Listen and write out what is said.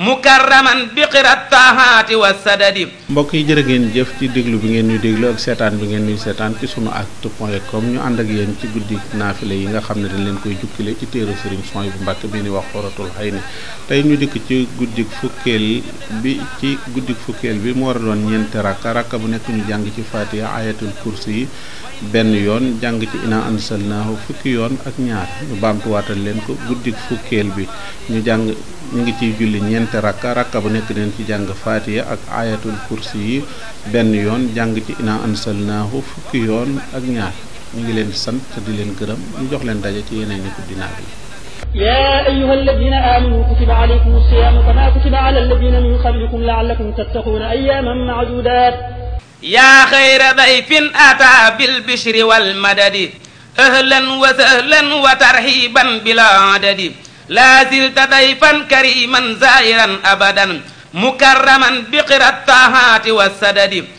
mukarraman bi qirat taahaati wa sadadi mbokk yi jërë ngeen jëf ci déglu bi ngeen ñuy déglu ak seetaan bi ngeen ñuy seetaan ci sunu actu point com ñu ànd ak yéen ci guddi naafile yi nga xam ne dañ leen koy jukkile ci téere sëriñ son bu mbàkk bi ni wax xoratul xay ni tey ñu dikk ci guddik fukkeel bi ci guddik fukkeel bi mu war a doon ñeenti rakka rakka bu nekk ñu jàng ci fatiha ayatul kursi yi benn yoon jàng ci ina ansalnaahu fukki yoon ak ñaar ñu baamtuwaatal leen ko guddik fukkeel bi ñu jàng ñu ngi ciy julli ñeenti rakka rakka bu nekk neen ci jàng faatiya ak ayatul kursi yi benn yoon jàng ci ina ansalnaahu fukki yoon ak ñaar ñu ngi leen sant di leen gërëm ñu jox leen daje ci yeneen i guddi naaj yi. yaa ayyuha alladina amanu kutiba alaykum siyaamu kama kutiba ala alladina min qablikum laallakum tattaquuna ayyaaman maadudaat yaa xayra dayfin ataa bil bishri wal madadi ahlan wa sahlan wa tarxiiban bila adadi laa zilta dayfan kariman zaa'iran abadan mukarraman bi qiraat taahaati wa sadadi